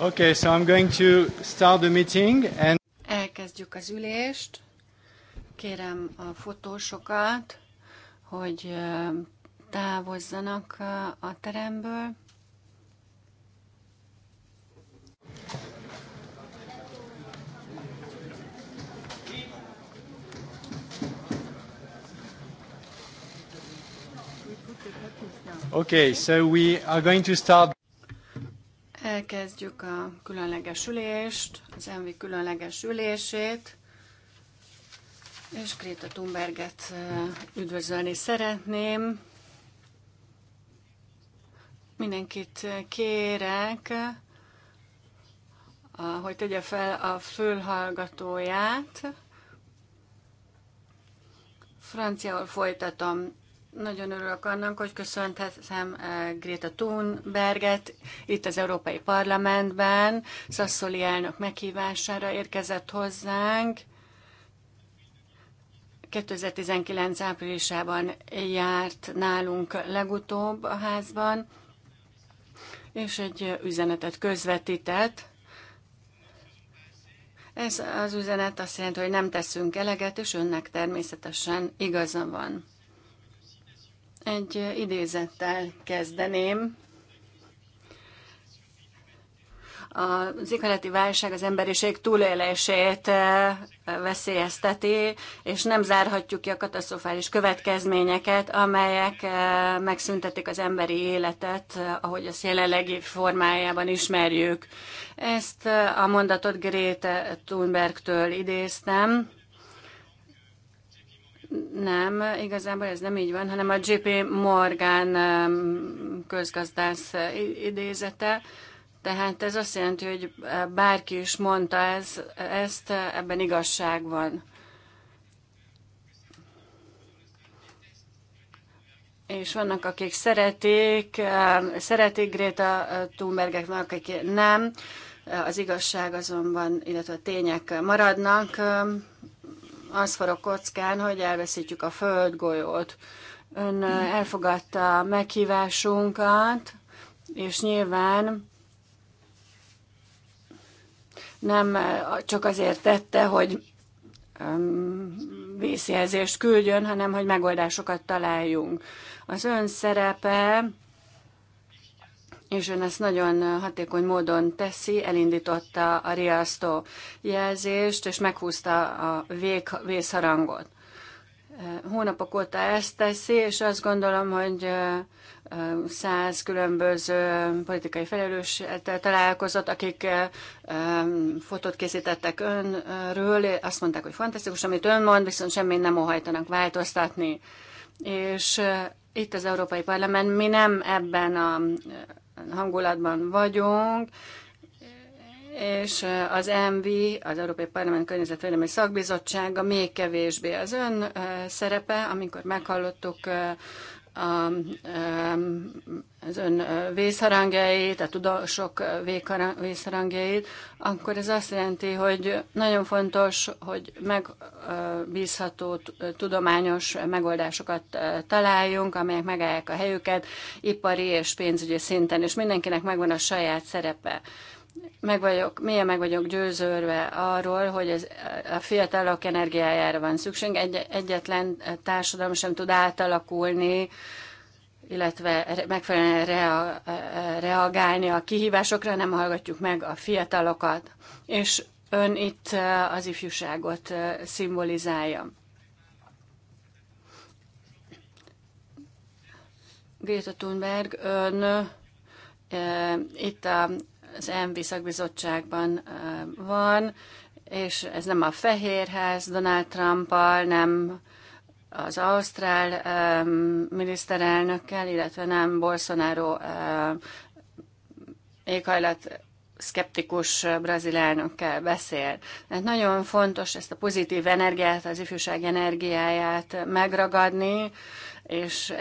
Okay, so I'm going to start the meeting and Elkezdjük az ülést. Kérem a fotósokat, hogy távozzanak a teremből. Okay, so we are going to start Elkezdjük a különleges ülést, az ENVI különleges ülését, és Kréta Thunberget üdvözölni szeretném. Mindenkit kérek, hogy tegye fel a fülhallgatóját. Franciául folytatom. Nagyon örülök annak, hogy köszönhetem eh, Greta Thunberget itt az Európai Parlamentben. Szaszoli elnök meghívására érkezett hozzánk. 2019 áprilisában járt nálunk legutóbb a házban, és egy üzenetet közvetített. Ez az üzenet azt jelenti, hogy nem teszünk eleget, és önnek természetesen igaza van. Egy idézettel kezdeném. a zikaleti válság az emberiség túlélését eh, veszélyezteti, és nem zárhatjuk ki a katasztrofális következményeket, amelyek eh, megszüntetik az emberi életet, eh, ahogy a jelenlegi formájában ismerjük. Ezt a mondatot Greta Thunbergtől idéztem nem, igazából ez nem így van, hanem a JP Morgan um, közgazdász uh, idézete. Tehát ez azt jelenti, hogy uh, bárki is mondta ez, ezt, uh, ebben igazság van. És vannak, akik szeretik, um, szeretik Greta thunberg vannak, akik nem. Az igazság azonban, illetve a tények maradnak, um, az a kockán, hogy elveszítjük a földgolyót. Ön elfogadta a meghívásunkat, és nyilván nem csak azért tette, hogy vészjelzést küldjön, hanem hogy megoldásokat találjunk. Az ön szerepe és ön ezt nagyon hatékony módon teszi, elindította a riasztó jelzést, és meghúzta a vég, vészharangot. Hónapok óta ezt teszi, és azt gondolom, hogy száz különböző politikai felelősséggel találkozott, akik fotót készítettek önről, azt mondták, hogy fantasztikus, amit ön mond, viszont semmit nem óhajtanak változtatni. És itt az Európai Parlament, mi nem ebben a hangulatban vagyunk, és az MV, az Európai Parlament Környezetvédelmi Szakbizottsága még kevésbé az ön szerepe, amikor meghallottuk a, az ön vészharangjait, a tudósok vészharangjait, akkor ez azt jelenti, hogy nagyon fontos, hogy megbízható tudományos megoldásokat találjunk, amelyek megállják a helyüket ipari és pénzügyi szinten, és mindenkinek megvan a saját szerepe meg vagyok, mélyen meg vagyok győződve arról, hogy ez, a fiatalok energiájára van szükség. Egy, egyetlen társadalom sem tud átalakulni, illetve megfelelően rea, reagálni a kihívásokra, nem hallgatjuk meg a fiatalokat. És ön itt eh, az ifjúságot eh, szimbolizálja. Greta Thunberg, ön eh, itt a az ENVI szakbizottságban van, és ez nem a Fehérház Donald Trumpal, nem az ausztrál um, miniszterelnökkel, illetve nem Bolsonaro um, éghajlat szkeptikus brazil elnökkel beszél. Tehát nagyon fontos ezt a pozitív energiát, az ifjúság energiáját megragadni, és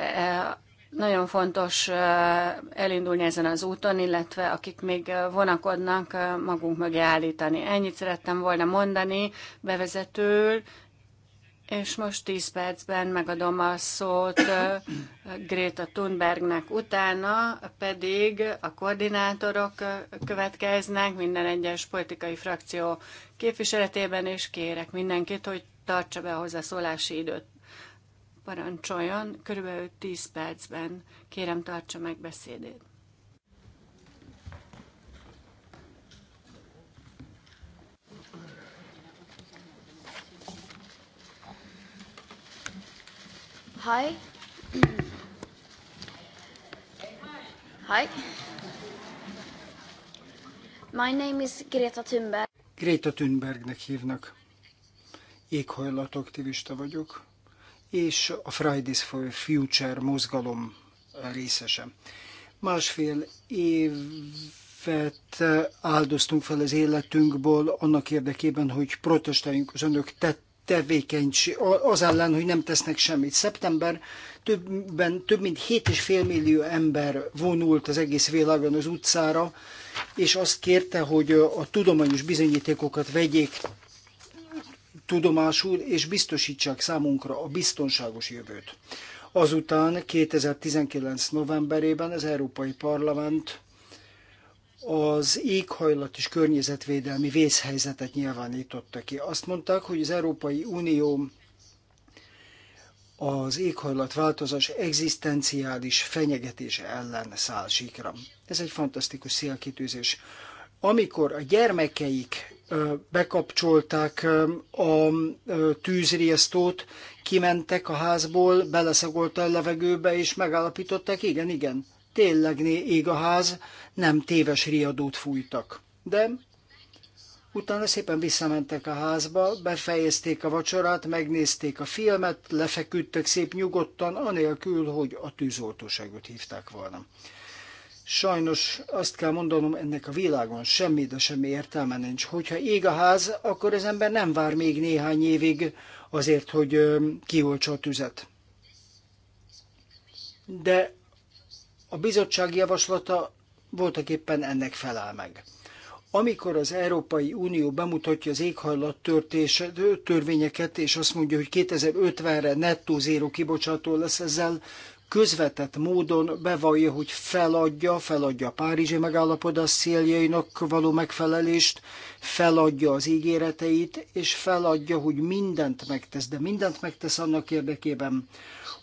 nagyon fontos elindulni ezen az úton, illetve akik még vonakodnak, magunk mögé állítani. Ennyit szerettem volna mondani bevezetőül, és most 10 percben megadom a szót Greta Thunbergnek, utána pedig a koordinátorok következnek minden egyes politikai frakció képviseletében, és kérek mindenkit, hogy tartsa be a hozzászólási időt parancsoljon, körülbelül 10 percben kérem tartsa meg beszédét. Hi. Hi. My name is Greta Thunberg. Greta Thunbergnek hívnak. Éghajlatoktivista vagyok és a Fridays for Future mozgalom részese. Másfél évet áldoztunk fel az életünkből annak érdekében, hogy protestáljunk az önök tett tevékenység, az ellen, hogy nem tesznek semmit. Szeptember többen, több mint 7,5 millió ember vonult az egész világon az utcára, és azt kérte, hogy a tudományos bizonyítékokat vegyék tudomásul, és biztosítsák számunkra a biztonságos jövőt. Azután 2019. novemberében az Európai Parlament az éghajlat és környezetvédelmi vészhelyzetet nyilvánította ki. Azt mondták, hogy az Európai Unió az éghajlatváltozás egzisztenciális fenyegetése ellen száll síkra. Ez egy fantasztikus szélkitűzés. Amikor a gyermekeik bekapcsolták a tűzriasztót, kimentek a házból, beleszagolt a levegőbe, és megállapították, igen, igen, tényleg ég a ház, nem téves riadót fújtak. De utána szépen visszamentek a házba, befejezték a vacsorát, megnézték a filmet, lefeküdtek szép nyugodtan, anélkül, hogy a tűzoltóságot hívták volna. Sajnos azt kell mondanom, ennek a világon semmi, de semmi értelme nincs. Hogyha ég a ház, akkor az ember nem vár még néhány évig azért, hogy kiolcsa a tüzet. De a bizottság javaslata voltak éppen ennek felel meg. Amikor az Európai Unió bemutatja az éghajlat törtés, törvényeket, és azt mondja, hogy 2050-re nettó zéró kibocsátó lesz ezzel, közvetett módon bevallja, hogy feladja, feladja a Párizsi megállapodás céljainak való megfelelést, feladja az ígéreteit, és feladja, hogy mindent megtesz, de mindent megtesz annak érdekében,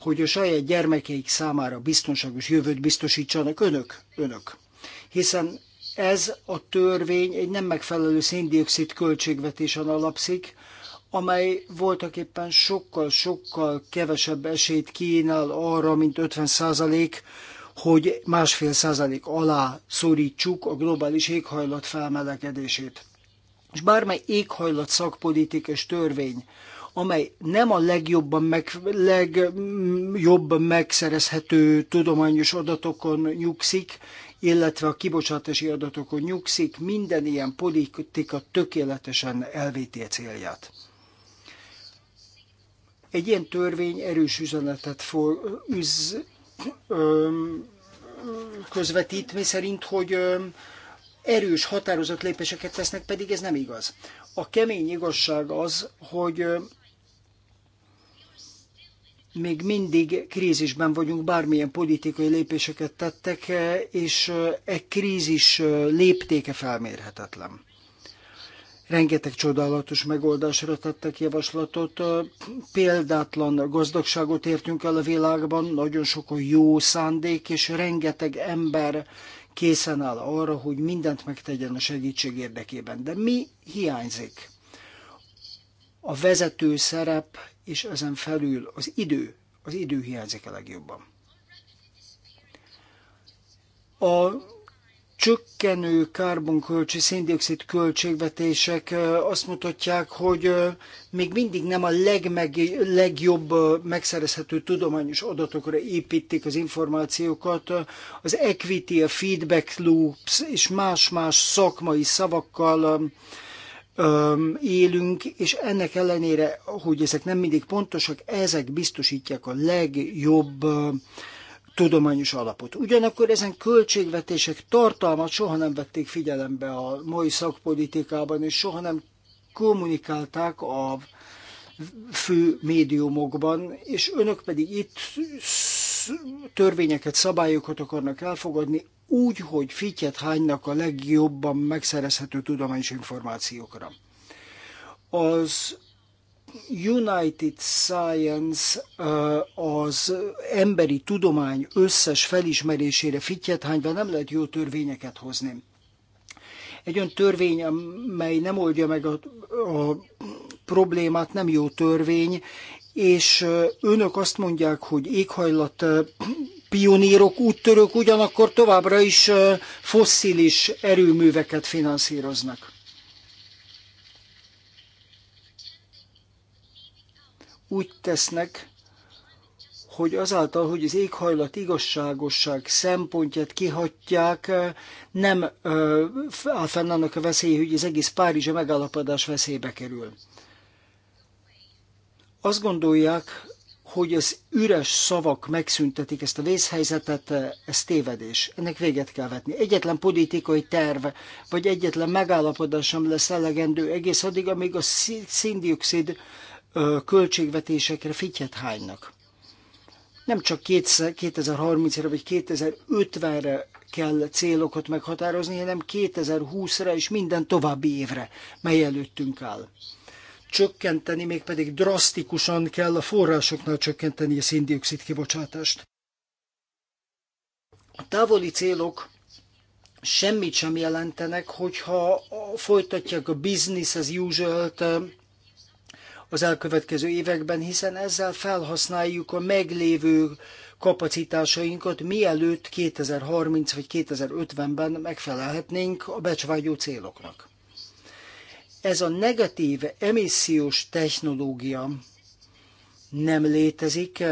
hogy a saját gyermekeik számára biztonságos jövőt biztosítsanak önök, önök. Hiszen ez a törvény egy nem megfelelő széndiokszid költségvetésen alapszik, amely voltak éppen sokkal-sokkal kevesebb esélyt kínál arra, mint 50 százalék, hogy másfél százalék alá szorítsuk a globális éghajlat felmelegedését. És bármely éghajlat szakpolitik és törvény, amely nem a legjobban, meg, legjobban megszerezhető tudományos adatokon nyugszik, illetve a kibocsátási adatokon nyugszik, minden ilyen politika tökéletesen elvéti a célját. Egy ilyen törvény erős üzenetet for, üz, öm, közvetít, mi szerint, hogy öm, erős, határozott lépéseket tesznek, pedig ez nem igaz. A kemény igazság az, hogy öm, még mindig krízisben vagyunk, bármilyen politikai lépéseket tettek, és egy krízis léptéke felmérhetetlen rengeteg csodálatos megoldásra tettek javaslatot. Példátlan gazdagságot értünk el a világban, nagyon sok a jó szándék, és rengeteg ember készen áll arra, hogy mindent megtegyen a segítség érdekében. De mi hiányzik? A vezető szerep, és ezen felül az idő, az idő hiányzik a legjobban. A csökkenő kárbonkölcsi széndiokszid költségvetések azt mutatják, hogy még mindig nem a legmeg, legjobb megszerezhető tudományos adatokra építik az információkat. Az equity, a feedback loops és más-más szakmai szavakkal élünk, és ennek ellenére, hogy ezek nem mindig pontosak, ezek biztosítják a legjobb tudományos alapot. Ugyanakkor ezen költségvetések tartalmat soha nem vették figyelembe a mai szakpolitikában, és soha nem kommunikálták a fő médiumokban, és önök pedig itt törvényeket, szabályokat akarnak elfogadni, úgy, hogy fityet hánynak a legjobban megszerezhető tudományos információkra. Az United Science az emberi tudomány összes felismerésére fityethányva nem lehet jó törvényeket hozni. Egy olyan törvény, amely nem oldja meg a, a problémát, nem jó törvény, és önök azt mondják, hogy éghajlat pionírok, úttörők ugyanakkor továbbra is fosszilis erőműveket finanszíroznak. úgy tesznek, hogy azáltal, hogy az éghajlat igazságosság szempontját kihatják, nem áll fenn annak a veszélye, hogy az egész Párizsi megállapodás veszélybe kerül. Azt gondolják, hogy az üres szavak megszüntetik ezt a vészhelyzetet, ez tévedés. Ennek véget kell vetni. Egyetlen politikai terv, vagy egyetlen megállapodás sem lesz elegendő egész addig, amíg a széndiokszid költségvetésekre fityet hánynak. Nem csak 2030-ra vagy 2050-re kell célokat meghatározni, hanem 2020-ra és minden további évre, mely előttünk áll. Csökkenteni, mégpedig drasztikusan kell a forrásoknál csökkenteni a széndiokszid kibocsátást. A távoli célok semmit sem jelentenek, hogyha folytatják a business as usual az elkövetkező években, hiszen ezzel felhasználjuk a meglévő kapacitásainkat, mielőtt 2030 vagy 2050-ben megfelelhetnénk a becsvágyó céloknak. Ez a negatív emissziós technológia nem létezik,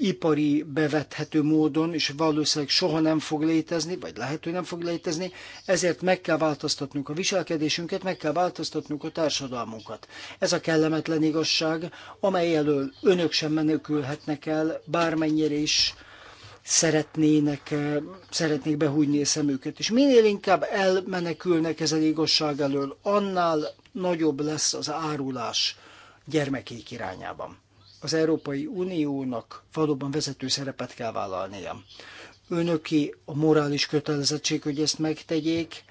ipari bevethető módon, és valószínűleg soha nem fog létezni, vagy lehet, hogy nem fog létezni, ezért meg kell változtatnunk a viselkedésünket, meg kell változtatnunk a társadalmunkat. Ez a kellemetlen igazság, amely elől önök sem menekülhetnek el, bármennyire is szeretnének, eh, szeretnék behújni a szemüket. És minél inkább elmenekülnek ezen igazság elől, annál nagyobb lesz az árulás gyermekék irányában az Európai Uniónak valóban vezető szerepet kell vállalnia. Önöki a morális kötelezettség, hogy ezt megtegyék,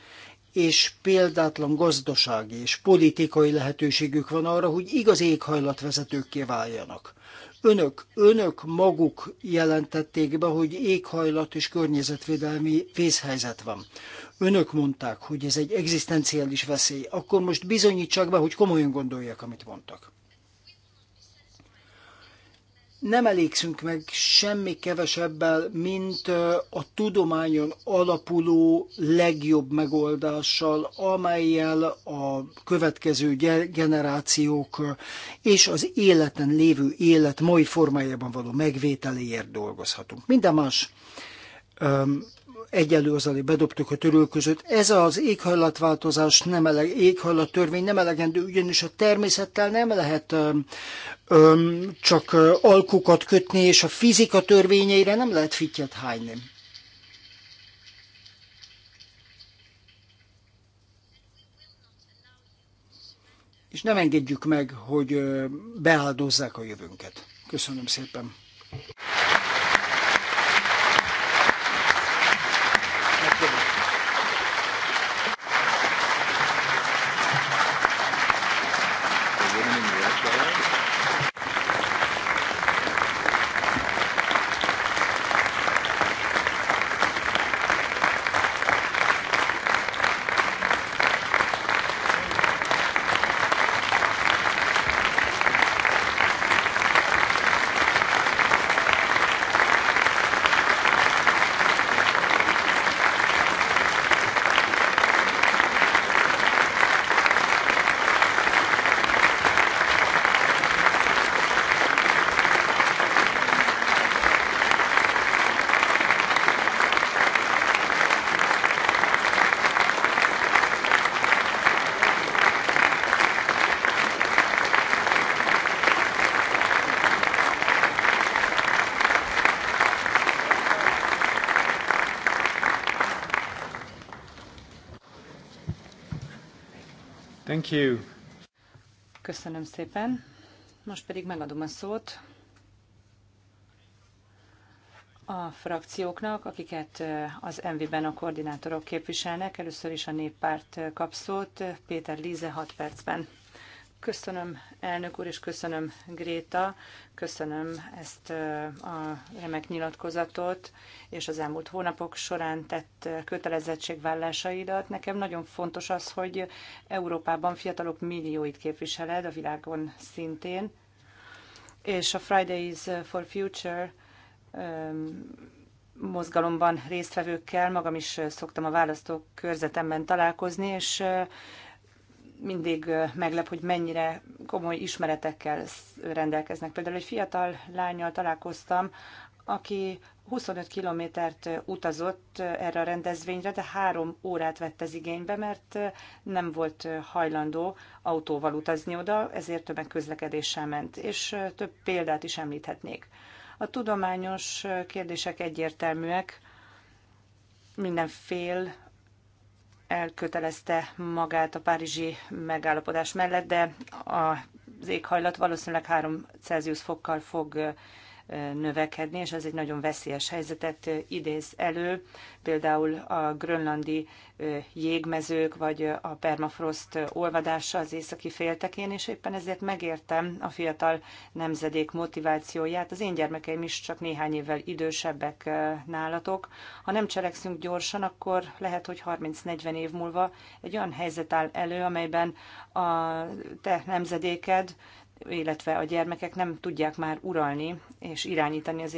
és példátlan gazdasági és politikai lehetőségük van arra, hogy igaz éghajlatvezetőkké váljanak. Önök, önök maguk jelentették be, hogy éghajlat és környezetvédelmi vészhelyzet van. Önök mondták, hogy ez egy egzisztenciális veszély. Akkor most bizonyítsák be, hogy komolyan gondolják, amit mondtak nem elégszünk meg semmi kevesebbel, mint a tudományon alapuló legjobb megoldással, amelyel a következő generációk és az életen lévő élet mai formájában való megvételéért dolgozhatunk. Minden más egyenlő az, bedobtuk a török között. Ez az éghajlatváltozás nem eleg, törvény nem elegendő, ugyanis a természettel nem lehet öm, csak alkukat kötni, és a fizika törvényeire nem lehet fittyet hányni. És nem engedjük meg, hogy beáldozzák a jövőnket. Köszönöm szépen! Thank you. Köszönöm szépen. Most pedig megadom a szót a frakcióknak, akiket eh, az MV-ben a koordinátorok képviselnek. Először is a néppárt eh, kap szót, Péter Líze 6 percben. Köszönöm, elnök úr, és köszönöm, Gréta, köszönöm ezt a remek nyilatkozatot, és az elmúlt hónapok során tett kötelezettségvállásaidat. Nekem nagyon fontos az, hogy Európában fiatalok millióit képviseled, a világon szintén, és a Fridays for Future mozgalomban résztvevőkkel magam is szoktam a választók körzetemben találkozni, és mindig meglep, hogy mennyire komoly ismeretekkel rendelkeznek. Például egy fiatal lányjal találkoztam, aki 25 kilométert utazott erre a rendezvényre, de három órát vett ez igénybe, mert nem volt hajlandó autóval utazni oda, ezért közlekedéssel ment, és több példát is említhetnék. A tudományos kérdések egyértelműek, minden fél elkötelezte magát a párizsi megállapodás mellett, de az éghajlat valószínűleg 3 Celsius fokkal fog növekedni, és ez egy nagyon veszélyes helyzetet idéz elő, például a grönlandi jégmezők, vagy a permafrost olvadása az északi féltekén, és éppen ezért megértem a fiatal nemzedék motivációját. Az én gyermekeim is csak néhány évvel idősebbek nálatok. Ha nem cselekszünk gyorsan, akkor lehet, hogy 30-40 év múlva egy olyan helyzet áll elő, amelyben a te nemzedéked illetve a gyermekek nem tudják már uralni és irányítani az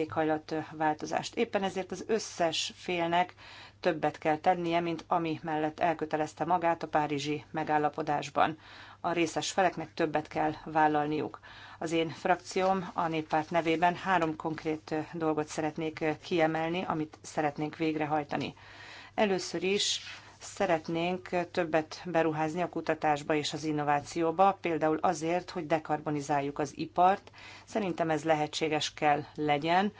változást. Éppen ezért az összes félnek többet kell tennie, mint ami mellett elkötelezte magát a Párizsi megállapodásban. A részes feleknek többet kell vállalniuk. Az én frakcióm a néppárt nevében három konkrét dolgot szeretnék kiemelni, amit szeretnénk végrehajtani. Először is Szeretnénk többet beruházni a kutatásba és az innovációba, például azért, hogy dekarbonizáljuk az ipart. Szerintem ez lehetséges kell legyen.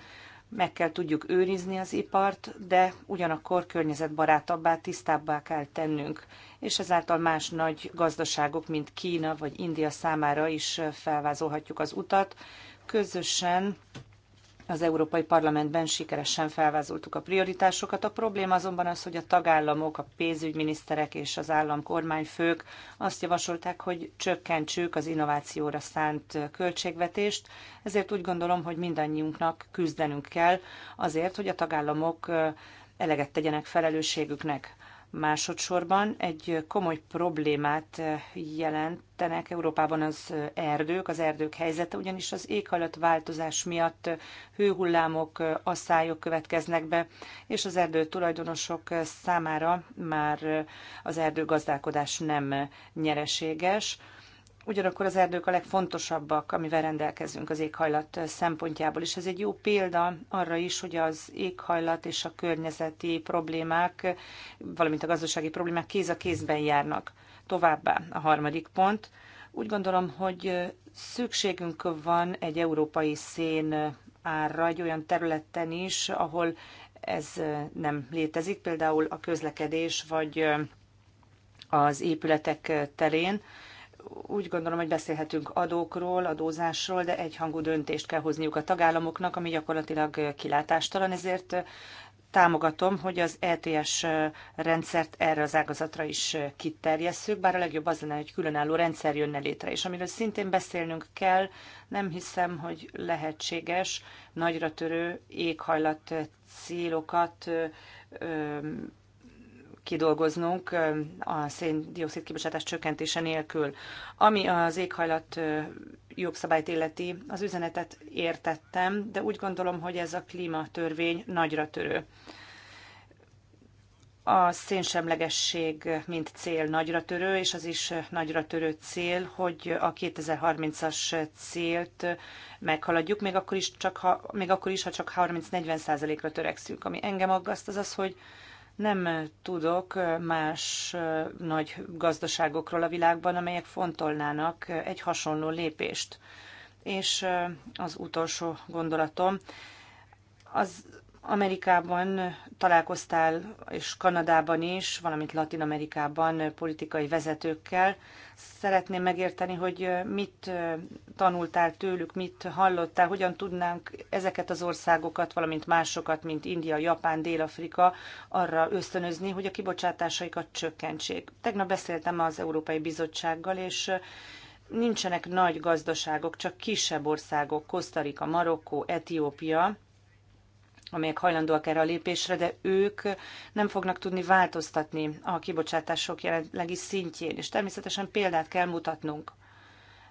Meg kell tudjuk őrizni az ipart, de ugyanakkor környezetbarátabbá, tisztábbá kell tennünk, és ezáltal más nagy gazdaságok, mint Kína vagy India számára is felvázolhatjuk az utat. Közösen az Európai Parlamentben sikeresen felvázoltuk a prioritásokat. A probléma azonban az, hogy a tagállamok, a pénzügyminiszterek és az államkormányfők azt javasolták, hogy csökkentsük az innovációra szánt költségvetést. Ezért úgy gondolom, hogy mindannyiunknak küzdenünk kell azért, hogy a tagállamok eleget tegyenek felelősségüknek. Másodszorban egy komoly problémát jelentenek Európában az erdők, az erdők helyzete, ugyanis az éghajlatváltozás miatt hőhullámok, asszályok következnek be, és az erdő tulajdonosok számára már az erdőgazdálkodás nem nyereséges Ugyanakkor az erdők a legfontosabbak, amivel rendelkezünk az éghajlat szempontjából, és ez egy jó példa arra is, hogy az éghajlat és a környezeti problémák, valamint a gazdasági problémák kéz a kézben járnak. Továbbá a harmadik pont. Úgy gondolom, hogy szükségünk van egy európai szén árra egy olyan területen is, ahol ez nem létezik, például a közlekedés vagy az épületek terén úgy gondolom, hogy beszélhetünk adókról, adózásról, de egyhangú döntést kell hozniuk a tagállamoknak, ami gyakorlatilag kilátástalan, ezért támogatom, hogy az ETS rendszert erre az ágazatra is kiterjesszük, bár a legjobb az lenne, hogy különálló rendszer jönne létre, és amiről szintén beszélnünk kell, nem hiszem, hogy lehetséges nagyra törő éghajlat célokat kidolgoznunk a széndiokszid kibocsátás csökkentése nélkül. Ami az éghajlat jogszabályt illeti, az üzenetet értettem, de úgy gondolom, hogy ez a klímatörvény nagyra törő. A szénsemlegesség, mint cél nagyra törő, és az is nagyra törő cél, hogy a 2030-as célt meghaladjuk, még akkor is, csak ha, még akkor is, ha csak 30-40 százalékra törekszünk. Ami engem aggaszt, az az, hogy nem tudok más nagy gazdaságokról a világban, amelyek fontolnának egy hasonló lépést. És az utolsó gondolatom, az Amerikában találkoztál, és Kanadában is, valamint Latin Amerikában politikai vezetőkkel. Szeretném megérteni, hogy mit tanultál tőlük, mit hallottál, hogyan tudnánk ezeket az országokat, valamint másokat, mint India, Japán, Dél-Afrika arra ösztönözni, hogy a kibocsátásaikat csökkentsék. Tegnap beszéltem az Európai Bizottsággal, és nincsenek nagy gazdaságok, csak kisebb országok, Kosztarika, Marokkó, Etiópia, amelyek hajlandóak erre a lépésre, de ők nem fognak tudni változtatni a kibocsátások jelenlegi szintjén, és természetesen példát kell mutatnunk.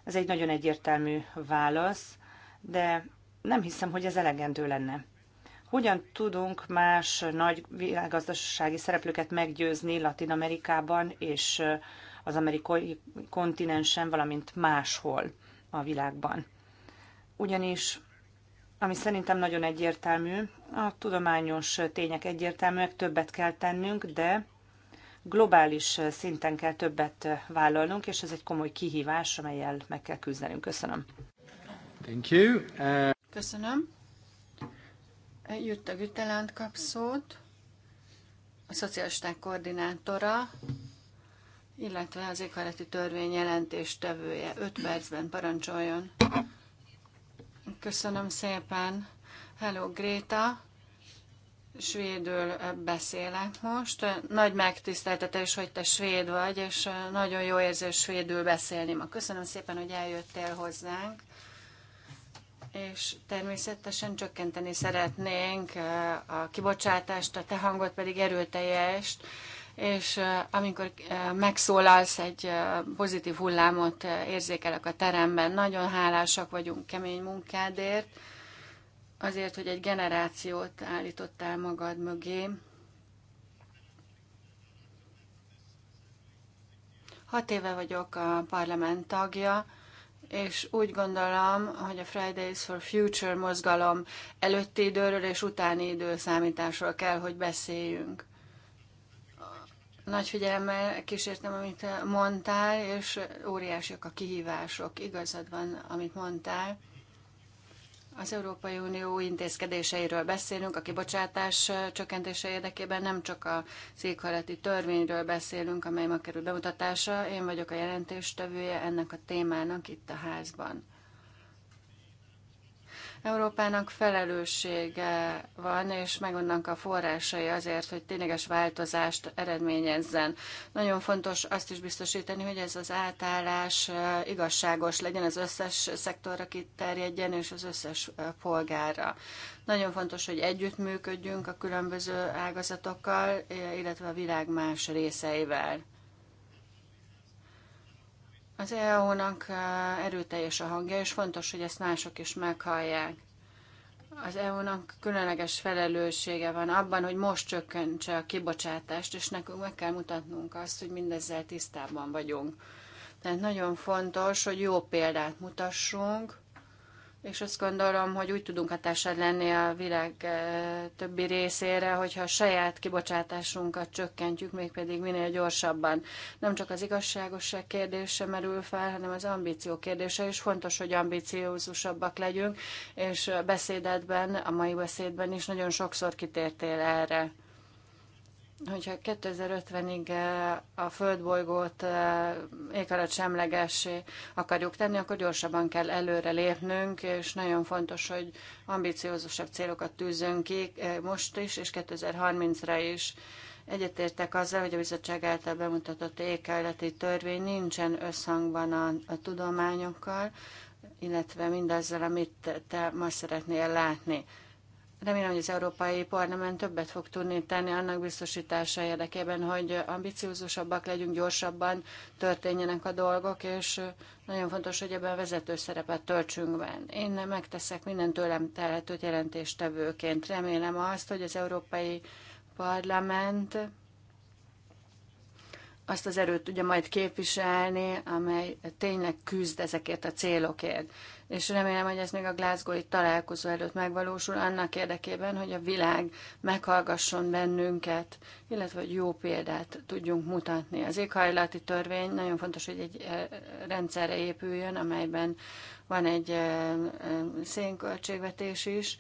Ez egy nagyon egyértelmű válasz, de nem hiszem, hogy ez elegendő lenne. Hogyan tudunk más nagy világgazdasági szereplőket meggyőzni Latin Amerikában és az amerikai kontinensen, valamint máshol a világban? Ugyanis ami szerintem nagyon egyértelmű. A tudományos tények egyértelműek, többet kell tennünk, de globális szinten kell többet vállalnunk, és ez egy komoly kihívás, amelyel meg kell küzdenünk. Köszönöm. Thank you. Uh... Köszönöm. Jutta Gütelánt kap szót, a szocialisták koordinátora, illetve az éghajlati törvény jelentéstevője. 5 percben parancsoljon. Köszönöm szépen. Hello, Gréta. Svédül beszélek most. Nagy megtiszteltetés, hogy te svéd vagy, és nagyon jó érzés svédül beszélni ma. Köszönöm szépen, hogy eljöttél hozzánk és természetesen csökkenteni szeretnénk eh, a kibocsátást, a te hangot pedig erőteljes, és amikor megszólalsz, egy pozitív hullámot érzékelek a teremben. Nagyon hálásak vagyunk kemény munkádért, azért, hogy egy generációt állítottál magad mögé. Hat éve vagyok a parlament tagja, és úgy gondolom, hogy a Fridays for Future mozgalom előtti időről és utáni időszámításról kell, hogy beszéljünk nagy figyelemmel kísértem, amit mondtál, és óriásiak a kihívások. Igazad van, amit mondtál. Az Európai Unió intézkedéseiről beszélünk, a kibocsátás csökkentése érdekében nem csak a székhajlati törvényről beszélünk, amely ma kerül bemutatása. Én vagyok a jelentéstevője ennek a témának itt a házban. Európának felelőssége van, és megvannak a forrásai azért, hogy tényleges változást eredményezzen. Nagyon fontos azt is biztosítani, hogy ez az átállás igazságos legyen, az összes szektorra kiterjedjen, és az összes polgárra. Nagyon fontos, hogy együttműködjünk a különböző ágazatokkal, illetve a világ más részeivel. Az EU-nak erőteljes a hangja, és fontos, hogy ezt mások is meghallják. Az EU-nak különleges felelőssége van abban, hogy most csökkentse a kibocsátást, és nekünk meg kell mutatnunk azt, hogy mindezzel tisztában vagyunk. Tehát nagyon fontos, hogy jó példát mutassunk, és azt gondolom, hogy úgy tudunk hatással lenni a világ eh, többi részére, hogyha a saját kibocsátásunkat csökkentjük, mégpedig minél gyorsabban. Nem csak az igazságosság kérdése merül fel, hanem az ambíció kérdése is. Fontos, hogy ambíciózusabbak legyünk, és a beszédetben, a mai beszédben is nagyon sokszor kitértél erre hogyha 2050-ig eh, a földbolygót eh, éghajlat semlegessé akarjuk tenni, akkor gyorsabban kell előre lépnünk, és nagyon fontos, hogy ambiciózusabb célokat tűzünk ki eh, most is, és 2030-ra is. Egyetértek azzal, hogy a bizottság által bemutatott éghajlati törvény nincsen összhangban a, a tudományokkal, illetve mindazzal, amit te ma szeretnél látni. Remélem, hogy az Európai Parlament többet fog tudni tenni annak biztosítása érdekében, hogy ambiciózusabbak legyünk, gyorsabban történjenek a dolgok, és nagyon fontos, hogy ebben vezető szerepet töltsünk be. Én megteszek minden tőlem telhetőt jelentéstevőként. Remélem azt, hogy az Európai Parlament azt az erőt tudja majd képviselni, amely tényleg küzd ezekért a célokért. És remélem, hogy ez még a Glasgow-i találkozó előtt megvalósul, annak érdekében, hogy a világ meghallgasson bennünket, illetve hogy jó példát tudjunk mutatni. Az éghajlati törvény nagyon fontos, hogy egy eh, rendszerre épüljön, amelyben van egy eh, eh, szénköltségvetés is,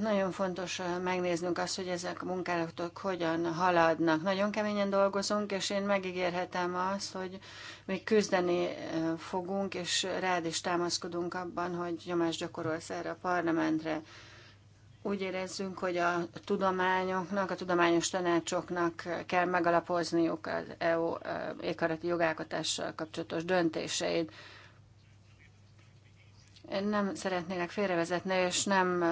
nagyon fontos eh, megnéznünk azt, hogy ezek a munkálatok hogyan haladnak. Nagyon keményen dolgozunk, és én megígérhetem azt, hogy még küzdeni eh, fogunk, és rád is támaszkodunk abban, hogy nyomást gyakorolsz erre a parlamentre. Úgy érezzünk, hogy a tudományoknak, a tudományos tanácsoknak kell megalapozniuk eh, az EU ékarati jogalkotással kapcsolatos döntéseit. Én nem szeretnélek félrevezetni, és nem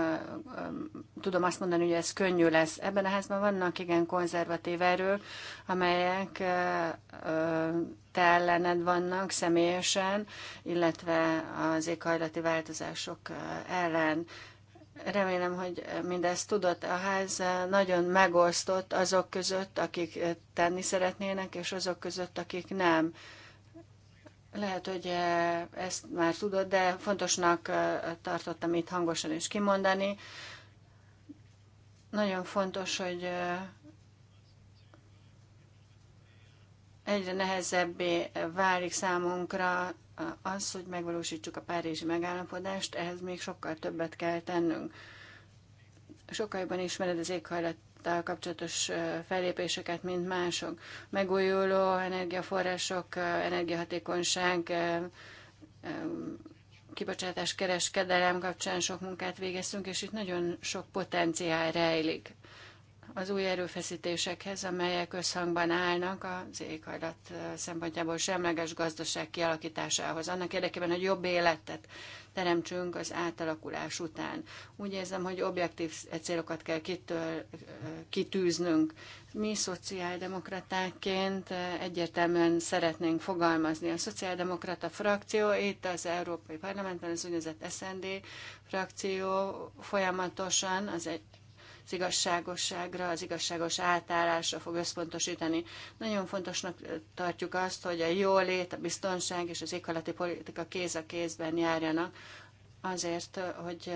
tudom azt mondani, hogy ez könnyű lesz. Ebben a házban vannak igen konzervatív erők, amelyek te ellened vannak személyesen, illetve az éghajlati változások ellen. Remélem, hogy mindezt tudott. A ház nagyon megosztott azok között, akik tenni szeretnének, és azok között, akik nem. Lehet, hogy eh, ezt már tudod, de fontosnak eh, tartottam itt hangosan is kimondani. Nagyon fontos, hogy eh, egyre nehezebbé válik számunkra az, hogy megvalósítsuk a párizsi megállapodást, ehhez még sokkal többet kell tennünk. Sokkal jobban ismered az éghajlat kapcsolatos fellépéseket, mint mások. Megújuló energiaforrások, energiahatékonyság, kibocsátás kereskedelem kapcsán sok munkát végeztünk, és itt nagyon sok potenciál rejlik az új erőfeszítésekhez, amelyek összhangban állnak az éghajlat szempontjából semleges gazdaság kialakításához, annak érdekében, hogy jobb életet teremtsünk az átalakulás után. Úgy érzem, hogy objektív célokat kell kitől, kitűznünk. Mi szociáldemokratáként egyértelműen szeretnénk fogalmazni. A szociáldemokrata frakció itt az Európai Parlamentben az úgynevezett SND frakció folyamatosan az egy az igazságosságra, az igazságos átállásra fog összpontosítani. Nagyon fontosnak tartjuk azt, hogy a jólét, a biztonság és az éghajlati politika kéz a kézben járjanak, azért, hogy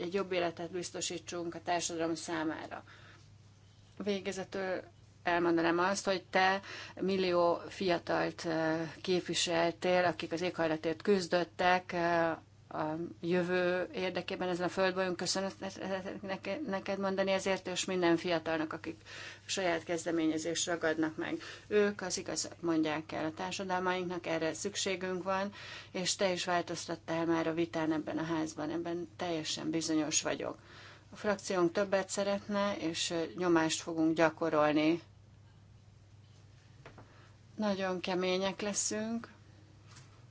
egy jobb életet biztosítsunk a társadalom számára. Végezetül elmondanám azt, hogy te millió fiatalt képviseltél, akik az éghajlatért küzdöttek a jövő érdekében ezen a földbolyon köszönetet neked mondani ezért, és minden fiatalnak, akik saját kezdeményezést ragadnak meg. Ők az igazat mondják el a társadalmainknak, erre szükségünk van, és te is változtattál már a vitán ebben a házban, ebben teljesen bizonyos vagyok. A frakciónk többet szeretne, és nyomást fogunk gyakorolni. Nagyon kemények leszünk,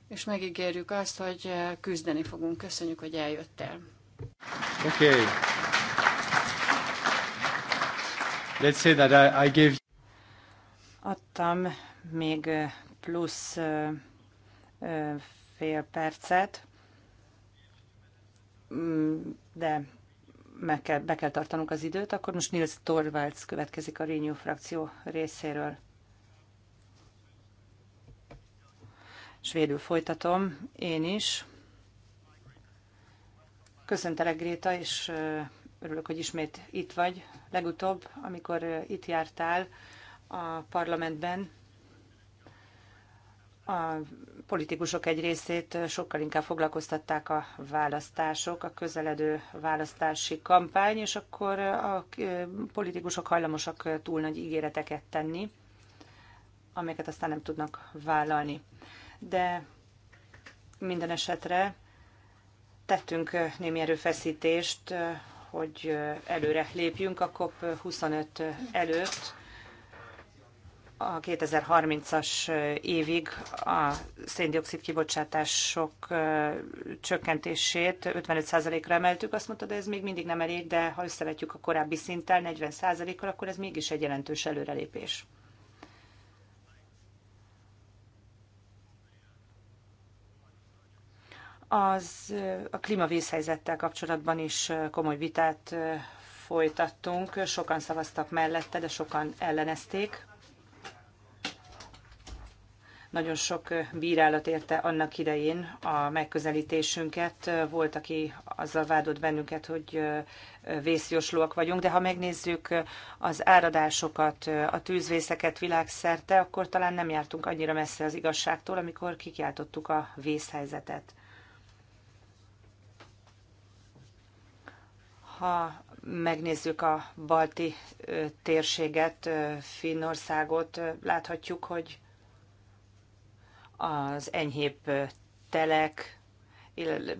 és megígérjük azt, hogy eh, küzdeni fogunk. Köszönjük, hogy eljöttél. Okay. Let's say that I, I gave... Adtam még eh, plusz eh, fél percet, mm, de meg kell, be kell tartanunk az időt, akkor most Nils Torvalds következik a Renew frakció részéről. Svédül folytatom, én is. Köszöntelek, Gréta, és örülök, hogy ismét itt vagy. Legutóbb, amikor itt jártál a parlamentben, a politikusok egy részét sokkal inkább foglalkoztatták a választások, a közeledő választási kampány, és akkor a politikusok hajlamosak túl nagy ígéreteket tenni, amelyeket aztán nem tudnak vállalni de minden esetre tettünk némi erőfeszítést, hogy előre lépjünk a COP25 előtt, a 2030-as évig a széndiokszid kibocsátások csökkentését 55%-ra emeltük. Azt mondta, de ez még mindig nem elég, de ha összevetjük a korábbi szinttel 40%-kal, akkor ez mégis egy jelentős előrelépés. Az a klímavészhelyzettel kapcsolatban is komoly vitát folytattunk. Sokan szavaztak mellette, de sokan ellenezték. Nagyon sok bírálat érte annak idején a megközelítésünket. Volt, aki azzal vádolt bennünket, hogy vészjóslóak vagyunk, de ha megnézzük az áradásokat, a tűzvészeket világszerte, akkor talán nem jártunk annyira messze az igazságtól, amikor kikiáltottuk a vészhelyzetet. ha megnézzük a balti térséget, Finnországot, láthatjuk, hogy az enyhébb telek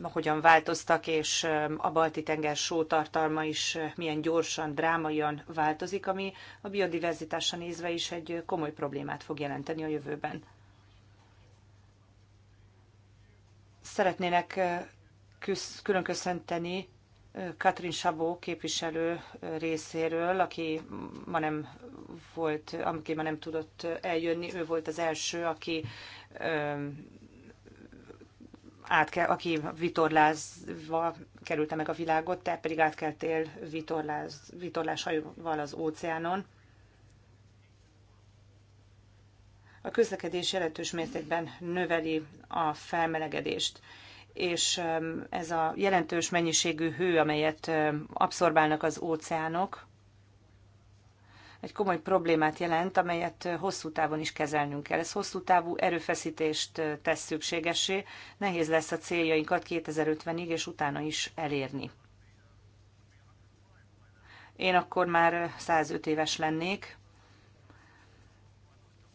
hogyan változtak, és a balti tenger sótartalma is milyen gyorsan, drámaian változik, ami a biodiverzitásra nézve is egy komoly problémát fog jelenteni a jövőben. Szeretnének külön köszönteni Katrin Sabó képviselő részéről, aki ma nem volt, aki ma nem tudott eljönni, ő volt az első, aki át kell, aki vitorlázva kerülte meg a világot, te pedig átkeltél vitorláz, vitorláshajóval az óceánon. A közlekedés jelentős mértékben növeli a felmelegedést és ez a jelentős mennyiségű hő, amelyet abszorbálnak az óceánok, egy komoly problémát jelent, amelyet hosszú távon is kezelnünk kell. Ez hosszú távú erőfeszítést tesz szükségessé, nehéz lesz a céljainkat 2050-ig és utána is elérni. Én akkor már 105 éves lennék,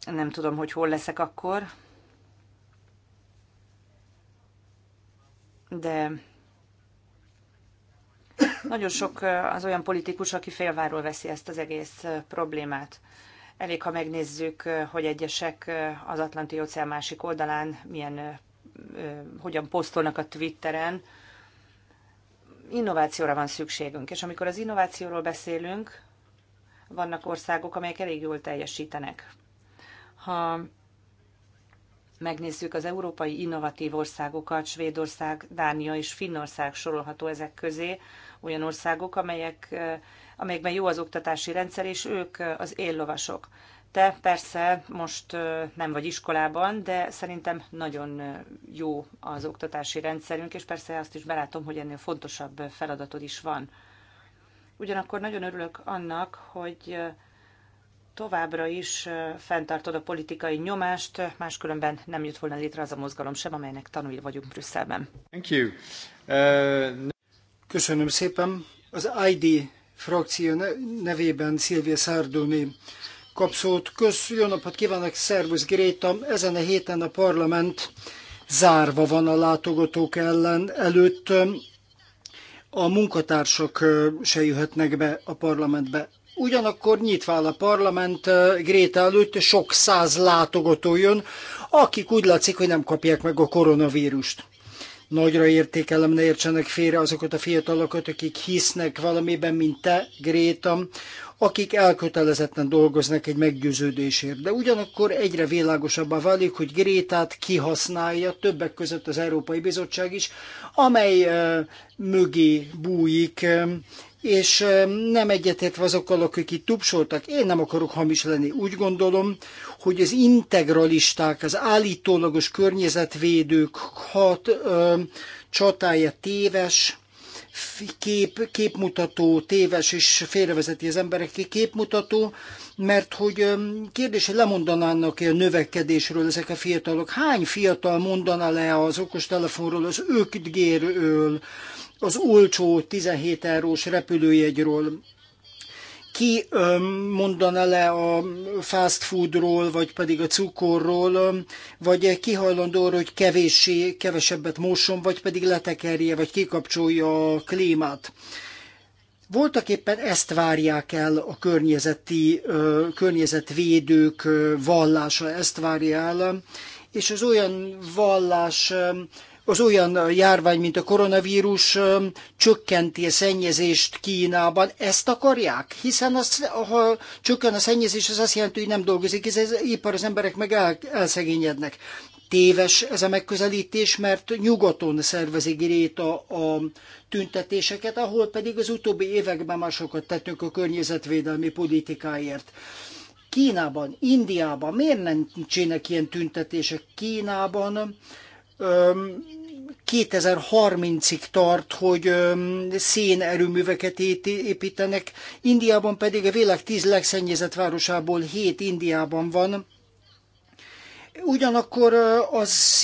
nem tudom, hogy hol leszek akkor, de nagyon sok az olyan politikus, aki félváról veszi ezt az egész problémát. Elég, ha megnézzük, hogy egyesek az Atlanti óceán másik oldalán milyen, hogyan posztolnak a Twitteren. Innovációra van szükségünk, és amikor az innovációról beszélünk, vannak országok, amelyek elég jól teljesítenek. Ha megnézzük az európai innovatív országokat, Svédország, Dánia és Finnország sorolható ezek közé, olyan országok, amelyek, eh, amelyekben jó az oktatási rendszer, és ők eh, az éllovasok. Te persze most eh, nem vagy iskolában, de szerintem nagyon jó az oktatási rendszerünk, és persze azt is belátom, hogy ennél fontosabb feladatod is van. Ugyanakkor nagyon örülök annak, hogy továbbra is fenntartod a politikai nyomást, máskülönben nem jut volna létre az a mozgalom sem, amelynek tanulja vagyunk Brüsszelben. Thank you. Uh... Köszönöm szépen. Az ID frakció nevében Szilvia Szárdóni kapszót. Kösz, jó napot kívánok, szervusz Gréta. Ezen a héten a parlament zárva van a látogatók ellen előtt. A munkatársak se jöhetnek be a parlamentbe Ugyanakkor nyitva áll a parlament Gréta előtt, sok száz látogató jön, akik úgy látszik, hogy nem kapják meg a koronavírust. Nagyra értékelem, ne értsenek félre azokat a fiatalokat, akik hisznek valamiben, mint te, Gréta, akik elkötelezetten dolgoznak egy meggyőződésért. De ugyanakkor egyre világosabbá válik, hogy Grétát kihasználja többek között az Európai Bizottság is, amely mögé bújik és nem egyetértve azokkal, akik itt tupsoltak, én nem akarok hamis lenni. Úgy gondolom, hogy az integralisták, az állítólagos környezetvédők hat ö, csatája téves, kép, képmutató, téves és félrevezeti az emberek képmutató, mert hogy kérdés, hogy lemondanának-e a növekedésről ezek a fiatalok? Hány fiatal mondaná le az okostelefonról, az 5G-ről, az olcsó 17 eurós repülőjegyről, ki mondana le a fast foodról, vagy pedig a cukorról, vagy ki hajlandó arra, hogy kevéssé, kevesebbet mosson, vagy pedig letekerje, vagy kikapcsolja a klímát. Voltak éppen ezt várják el a környezeti, környezetvédők vallása, ezt várja el, és az olyan vallás az olyan járvány, mint a koronavírus csökkenti a szennyezést Kínában. Ezt akarják? Hiszen az, ha csökken a szennyezés, az azt jelenti, hogy nem dolgozik, ez az ipar, az emberek meg el, elszegényednek. Téves ez a megközelítés, mert nyugaton szervezik Gréta a tüntetéseket, ahol pedig az utóbbi években már sokat tettünk a környezetvédelmi politikáért. Kínában, Indiában miért nem csinálnak ilyen tüntetések? Kínában 2030-ig tart, hogy szénerőműveket építenek, Indiában pedig a világ 10 legszennyezett városából 7 Indiában van, Ugyanakkor az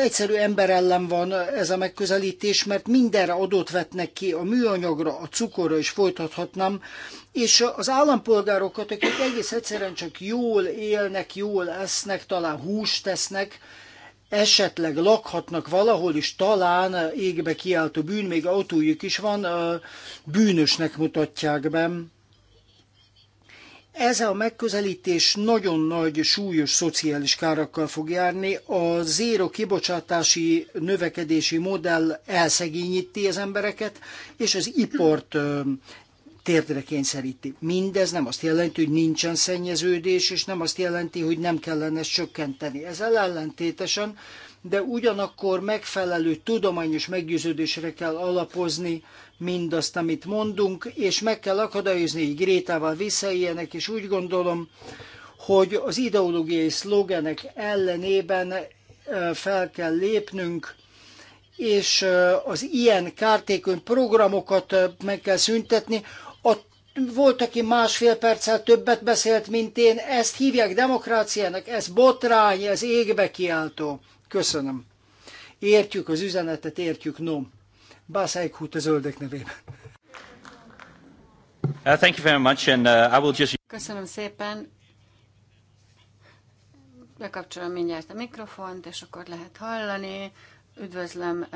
egyszerű ember ellen van ez a megközelítés, mert mindenre adót vetnek ki, a műanyagra, a cukorra is folytathatnám, és az állampolgárokat, akik egész egyszerűen csak jól élnek, jól esznek, talán húst tesznek, esetleg lakhatnak valahol, és talán eh, égbe kiáltó bűn, még autójuk is van, eh, bűnösnek mutatják be. Ez a megközelítés nagyon nagy, súlyos szociális károkkal fog járni. A zéro kibocsátási növekedési modell elszegényíti az embereket, és az ipart eh, térdre kényszeríti. Mindez nem azt jelenti, hogy nincsen szennyeződés, és nem azt jelenti, hogy nem kellene ezt csökkenteni. Ezzel ellentétesen, de ugyanakkor megfelelő tudományos meggyőződésre kell alapozni mindazt, amit mondunk, és meg kell akadályozni, hogy Grétával visszaéljenek, és úgy gondolom, hogy az ideológiai szlogenek ellenében fel kell lépnünk, és az ilyen kártékony programokat meg kell szüntetni, volt, aki másfél perccel többet beszélt, mint én. Ezt hívják demokráciának, ez botrány, ez égbe kiáltó. Köszönöm. Értjük az üzenetet, értjük, no. Bászájk hút a zöldek nevében. Uh, thank you very much, and uh, I will just... Köszönöm szépen. Bekapcsolom mindjárt a mikrofont, és akkor lehet hallani. Üdvözlöm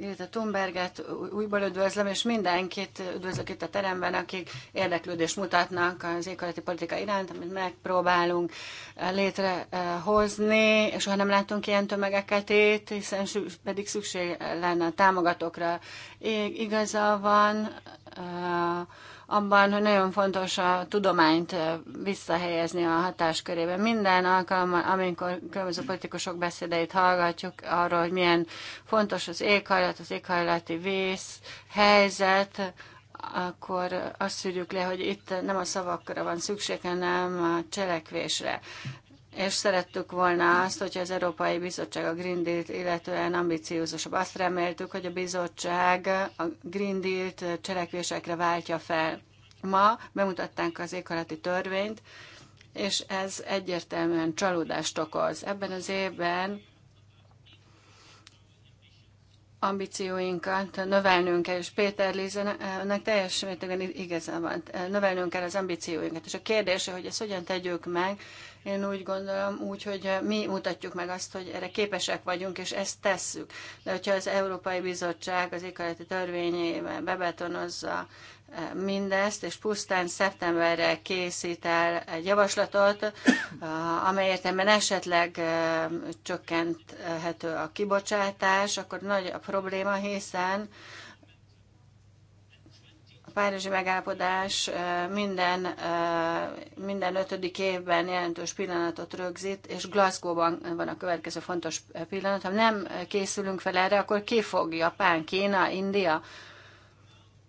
Ilita eh, Thunberget, újból üdvözlöm, és mindenkit üdvözlök itt a teremben, akik érdeklődést mutatnak az éghajlati politika iránt, amit megpróbálunk eh, létrehozni. Soha nem láttunk ilyen tömegeket itt, hiszen pedig szükség lenne a támogatókra. Igaza van, eh, abban, hogy nagyon fontos a tudományt visszahelyezni a hatáskörében. Minden alkalommal, amikor különböző politikusok beszédeit hallgatjuk arról, hogy milyen fontos az éghajlat, az éghajlati vész, helyzet, akkor azt szűrjük le, hogy itt nem a szavakra van szükség, hanem a cselekvésre és szerettük volna azt, hogy az Európai Bizottság a Green Deal-t illetően ambiciózusabb. Azt reméltük, hogy a bizottság a Green Deal-t cselekvésekre váltja fel. Ma bemutatták az éghajlati törvényt, és ez egyértelműen csalódást okoz. Ebben az évben ambícióinkat növelnünk kell, és Péter Lézenek teljes mértékben igaza van, növelnünk kell az ambícióinkat. És a kérdése, hogy ezt hogyan tegyük meg, én úgy gondolom úgy, hogy eh, mi mutatjuk meg azt, hogy erre képesek vagyunk, és ezt tesszük. De hogyha az Európai Bizottság az éghajlati törvényével bebetonozza eh, mindezt, és pusztán szeptemberre készít el egy javaslatot, eh, amely értelemben esetleg csökkenthető a kibocsátás, akkor nagy a probléma, hiszen Párizsi megállapodás minden, minden ötödik évben jelentős pillanatot rögzít, és Glasgow-ban van a következő fontos pillanat. Ha nem készülünk fel erre, akkor ki fog Japán, Kína, India?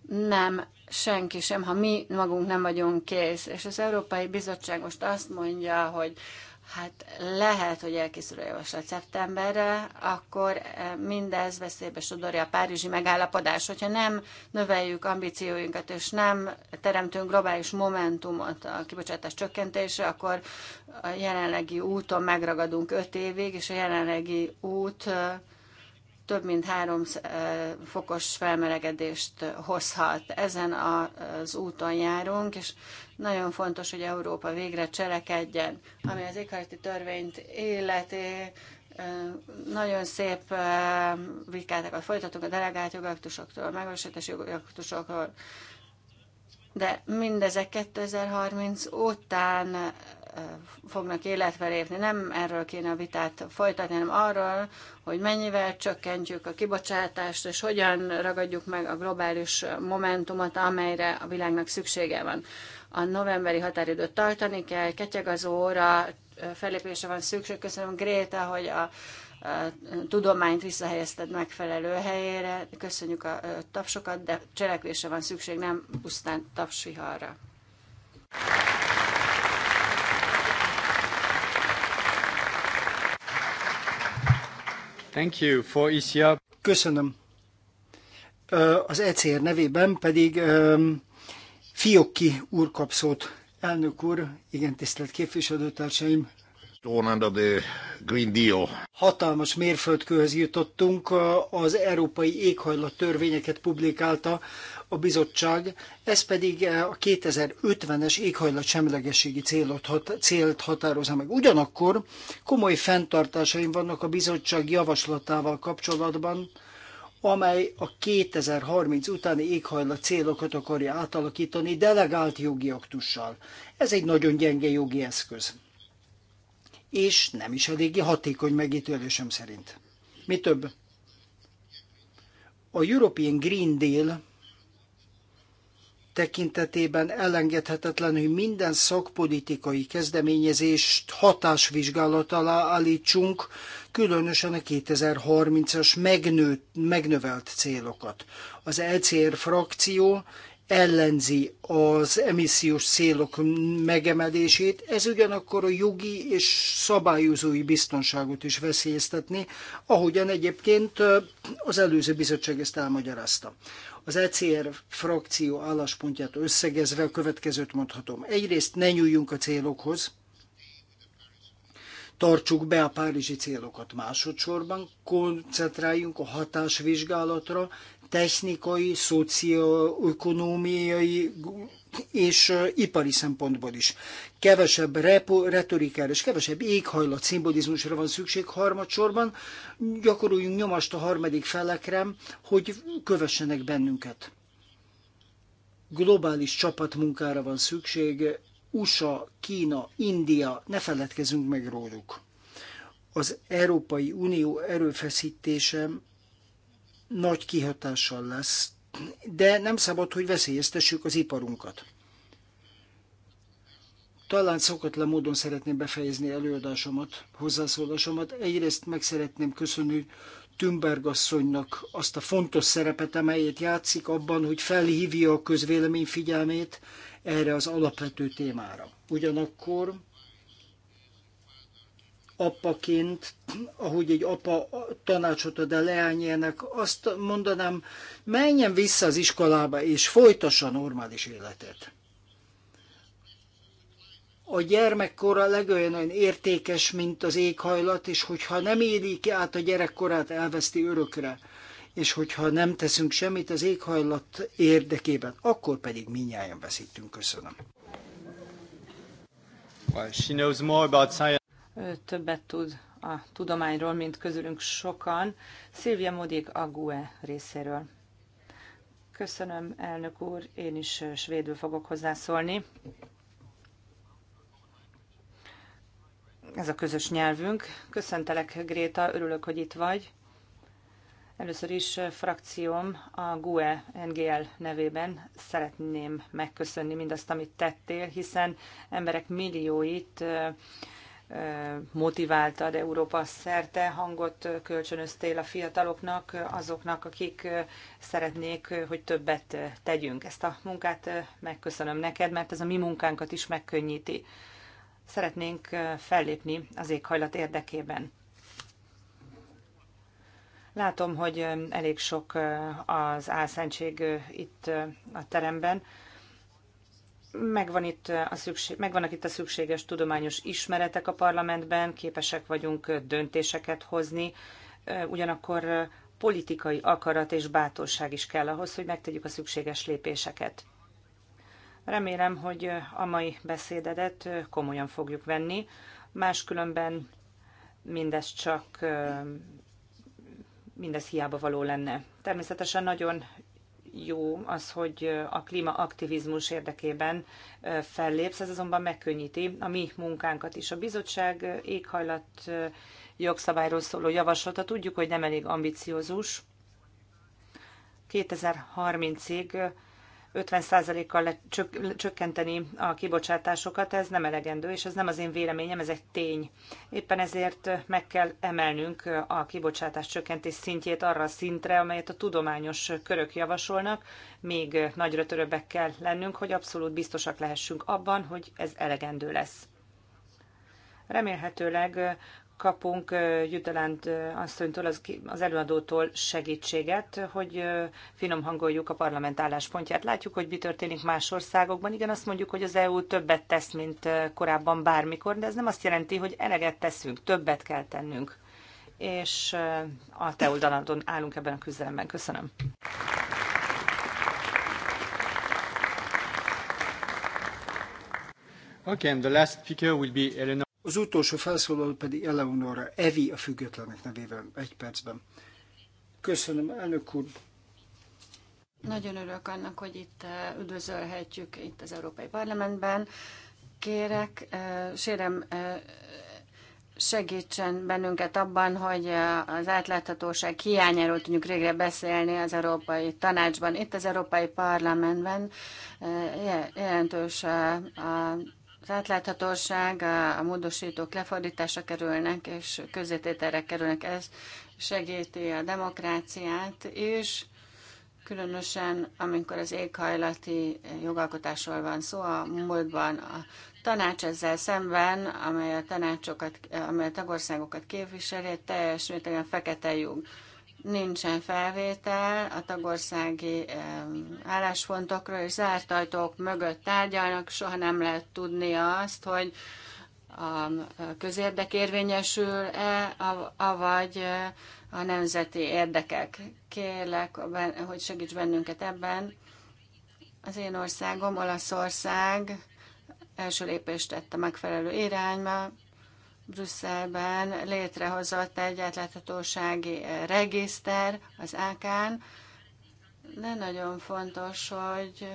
Nem, senki sem, ha mi magunk nem vagyunk kész. És az Európai Bizottság most azt mondja, hogy hát lehet, hogy elkészül a javaslat szeptemberre, akkor eh, mindez veszélybe sodorja a párizsi megállapodás. Hogyha nem növeljük ambícióinkat, és nem teremtünk globális momentumot a kibocsátás csökkentésre, akkor a jelenlegi úton megragadunk öt évig, és a jelenlegi út eh, több mint három fokos felmelegedést hozhat. Ezen az úton járunk, és nagyon fontos, hogy Európa végre cselekedjen, ami az éghajlati törvényt életé. Nagyon szép vikátokat folytatunk a delegált jogaktusokról, megvalósítási jogaktusokról, de mindezek 2030 után fognak életbe lépni. Nem erről kéne a vitát folytatni, hanem arról, hogy mennyivel csökkentjük a kibocsátást, és hogyan ragadjuk meg a globális momentumot, amelyre a világnak szüksége van. A novemberi határidőt tartani kell, ketyeg az óra, felépése van szükség. Köszönöm Gréta, hogy a tudományt visszahelyezted megfelelő helyére. Köszönjük a tapsokat, de cselekvése van szükség, nem pusztán tapsiharra. Thank you for ECR. Köszönöm. Az ECR nevében pedig um, Fiokki úr kap szót. Elnök úr, igen tisztelt képviselőtársaim, stone under the Green Deal. Hatalmas mérföldkőhöz jutottunk, az európai éghajlat törvényeket publikálta a bizottság, ez pedig e, a 2050-es éghajlat semlegességi célot, hat, célt határozza meg. Ugyanakkor komoly fenntartásaim vannak a bizottság javaslatával kapcsolatban, amely a 2030 utáni éghajlat célokat akarja átalakítani delegált jogi aktussal. Ez egy nagyon gyenge jogi eszköz és nem is eléggé hatékony megítélésem szerint. Mi több, a European Green Deal tekintetében elengedhetetlen, hogy minden szakpolitikai kezdeményezést hatásvizsgálat alá állítsunk, különösen a 2030-as megnőtt, megnövelt célokat. Az ECR frakció ellenzi az emissziós célok megemelését, ez ugyanakkor a jogi és szabályozói biztonságot is veszélyeztetni, ahogyan egyébként az előző bizottság ezt elmagyarázta. Az ECR frakció álláspontját összegezve a következőt mondhatom. Egyrészt ne nyúljunk a célokhoz, tartsuk be a párizsi célokat másodszorban, koncentráljunk a hatásvizsgálatra, technikai, szocioökonómiai és ipari szempontból is. Kevesebb repo, retorikára és kevesebb éghajlat szimbolizmusra van szükség harmadsorban. Gyakoroljunk nyomást a harmadik felekre, hogy kövessenek bennünket. Globális csapatmunkára van szükség, USA, Kína, India, ne feledkezünk meg róluk. Az Európai Unió erőfeszítése nagy kihatással lesz, de nem szabad, hogy veszélyeztessük az iparunkat. Talán szokatlan módon szeretném befejezni előadásomat, hozzászólásomat. Egyrészt meg szeretném köszönni Tümberg asszonynak azt a fontos szerepet, amelyet játszik abban, hogy felhívja a közvélemény figyelmét erre az alapvető témára. Ugyanakkor apaként, ahogy egy apa tanácsot ad a leányének, azt mondanám, menjen vissza az iskolába, és folytassa normális életet. A gyermekkora legolyan olyan értékes, mint az éghajlat, és hogyha nem élik át a gyerekkorát, elveszti örökre. És hogyha nem teszünk semmit az éghajlat érdekében, akkor pedig minnyáján veszítünk. Köszönöm. Well, she knows more about science többet tud a tudományról, mint közülünk sokan. Szilvia Modik a GUE részéről. Köszönöm, elnök úr, én is svédül fogok hozzászólni. Ez a közös nyelvünk. Köszöntelek, Gréta, örülök, hogy itt vagy. Először is frakcióm a GUE NGL nevében szeretném megköszönni mindazt, amit tettél, hiszen emberek millióit motiváltad Európa szerte hangot kölcsönöztél a fiataloknak, azoknak, akik szeretnék, hogy többet tegyünk. Ezt a munkát megköszönöm neked, mert ez a mi munkánkat is megkönnyíti. Szeretnénk fellépni az éghajlat érdekében. Látom, hogy elég sok az álszentség itt a teremben megvan itt a szükség, megvannak itt a szükséges tudományos ismeretek a parlamentben, képesek vagyunk döntéseket hozni, ugyanakkor politikai akarat és bátorság is kell ahhoz, hogy megtegyük a szükséges lépéseket. Remélem, hogy a mai beszédedet komolyan fogjuk venni, máskülönben mindez csak mindez hiába való lenne. Természetesen nagyon jó az, hogy a klímaaktivizmus érdekében fellépsz, ez azonban megkönnyíti a mi munkánkat is. A bizottság éghajlat jogszabályról szóló javaslata tudjuk, hogy nem elég ambiciózus. 2030-ig 50%-kal csökkenteni a kibocsátásokat, ez nem elegendő, és ez nem az én véleményem, ez egy tény. Éppen ezért meg kell emelnünk a kibocsátás csökkentés szintjét arra a szintre, amelyet a tudományos körök javasolnak, még nagyra törőbbek kell lennünk, hogy abszolút biztosak lehessünk abban, hogy ez elegendő lesz. Remélhetőleg kapunk Jütelánt asszonytól, az, az előadótól segítséget, hogy finom hangoljuk a parlament álláspontját. Látjuk, hogy mi történik más országokban. Igen, azt mondjuk, hogy az EU többet tesz, mint korábban bármikor, de ez nem azt jelenti, hogy eleget teszünk, többet kell tennünk. És a te oldaladon állunk ebben a küzdelemben. Köszönöm. Okay, and the last speaker will be Eleanor. Az utolsó felszólaló pedig Eleonora Evi a függetlenek nevében egy percben. Köszönöm, elnök úr! Nagyon örülök annak, hogy itt eh, üdvözölhetjük itt az Európai Parlamentben. Kérek, eh, sérem, eh, segítsen bennünket abban, hogy az átláthatóság hiányáról tudjuk régre beszélni az Európai Tanácsban. Itt az Európai Parlamentben jelentős a az átláthatóság, a módosítók lefordítása kerülnek, és közétételre kerülnek. Ez segíti a demokráciát is, különösen amikor az éghajlati jogalkotásról van szó, a múltban a tanács ezzel szemben, amely a, tanácsokat, amely a tagországokat képviseli, teljes mértékben fekete lyuk nincsen felvétel a tagországi álláspontokról, és zárt ajtók mögött tárgyalnak, soha nem lehet tudni azt, hogy a közérdek érvényesül-e, avagy a nemzeti érdekek. Kérlek, hogy segíts bennünket ebben. Az én országom, Olaszország első lépést tette megfelelő irányba, Brüsszelben létrehozott egy átláthatósági eh, regiszter az AK-n, de nagyon fontos, hogy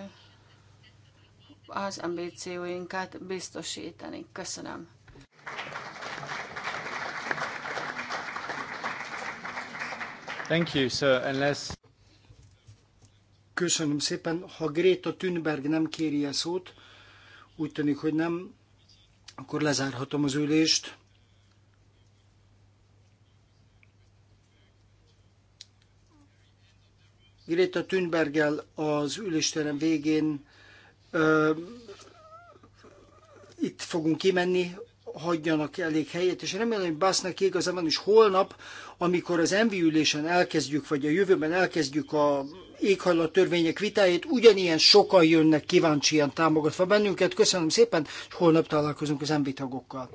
az ambícióinkat biztosítani. Köszönöm. Thank you, sir, unless... Köszönöm szépen. Ha Greta Thunberg nem kéri a szót, úgy tűnik, hogy nem, akkor lezárhatom az ülést. Greta Thunberggel az ülésterem végén ö, itt fogunk kimenni, hagyjanak elég helyet, és remélem, hogy Básznak igaza van, és holnap, amikor az MV ülésen elkezdjük, vagy a jövőben elkezdjük a éghajlat törvények vitáját, ugyanilyen sokan jönnek kíváncsian támogatva bennünket. Köszönöm szépen, és holnap találkozunk az MV tagokkal.